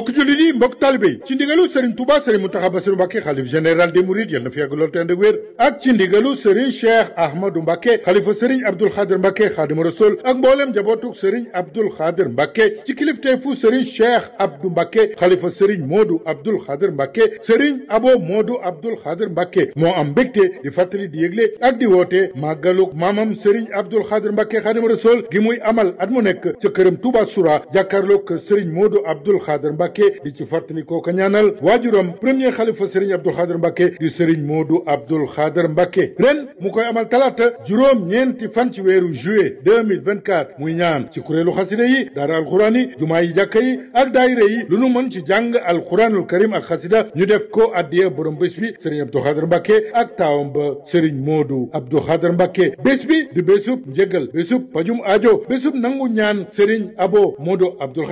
mbokk jullit yi mbokk taalibe yi ci ndigalu Serigne Touba Serigne Mountakha Bassirou Mbacké xalif général des Mourides yal na fi yàgg lool te ànd ak wér ak ci ndigalu Serigne Cheikh Ahmadou Mbacké xalifa Serigne Abdoul Khadir Mbacké Khadimu Rasul ak mboolem njabootug Serigne Abdoul Khadir Mbacké ci kilifteefu Serigne Cheikh Abdou Mbacké xalifa Serigne Modou Abdoul Khadir Mbacké Serigne Abo Modou Abdoul Khadir Mbacké moo am mbégte di fàttali di yëgle ak di woote màggalug maamam Serigne Abdoul Khadir Mbacké Khadimu Rasul gi muy amal at mu nekk ca këram Touba Soura jàkkaarloog Serigne Modou Abdoul Khadir Mbacké Mbacke di ci fàttali koo ko ñaanal waajuram premier xalifa Serigne Abdou Khader Mbacke di Serigne Modou Abdoul Khader Mbacke ren mu koy amal talaata juróom-ñeenti fan ci weeru juillet 2024 muy ñaan ci kuréelu xasida yi daara alxuraan yi jumaa yi yi ak daayira yi lu nu mën ci jàng alxuraanul karim ak xasida ñu def ko addiye borom bés bi Serigne Abdou Khader Mbacke ak taawam ba Serigne Modou Abdoul Khader Mbacke bés bi di bésub njëgal bésub pajum aajo bésub nangu ñaan Serigne Abo Modou Abdoul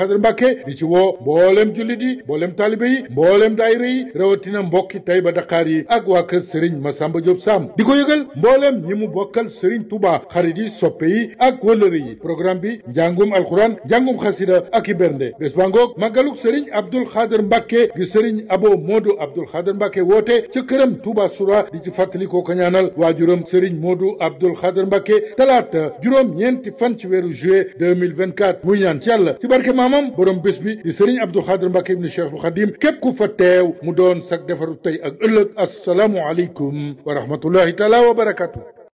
mbooleem jullit yi mbooleem taalibe yi mbooleem daayira yi rawatina mbokki Tayba daqaar yi ak waa kër ma Massamba Diop Sam di ko yëgal mbooleem ñi mu bokkal Serigne Touba xarit yi soppe yi ak wëllëre yi programme bi njàngum alxuraan njàngum xasida ak i bernde bés ba ngoog màggaluk Serigne Abdoul Khader Mbacke gi Serigne Abo Modou Abdoul Khader Mbacke woote ca këram Touba Soura di ci fàttali ko ko ñaanal waajuram Serigne Modou Abdoul Khader Mbacke talaata juróom ñeenti fan ci weeru juillet 2024 muy ñaan ci yàlla ci barke maamam borom bés bi di Serigne Abdoul xadr Mbàkke ibnu Cheikhul Xadim képp ku fa teew mu doon sag defaru tey ak ëllëg asalaamu aleykum wa rahmatullahi taala wa barakatu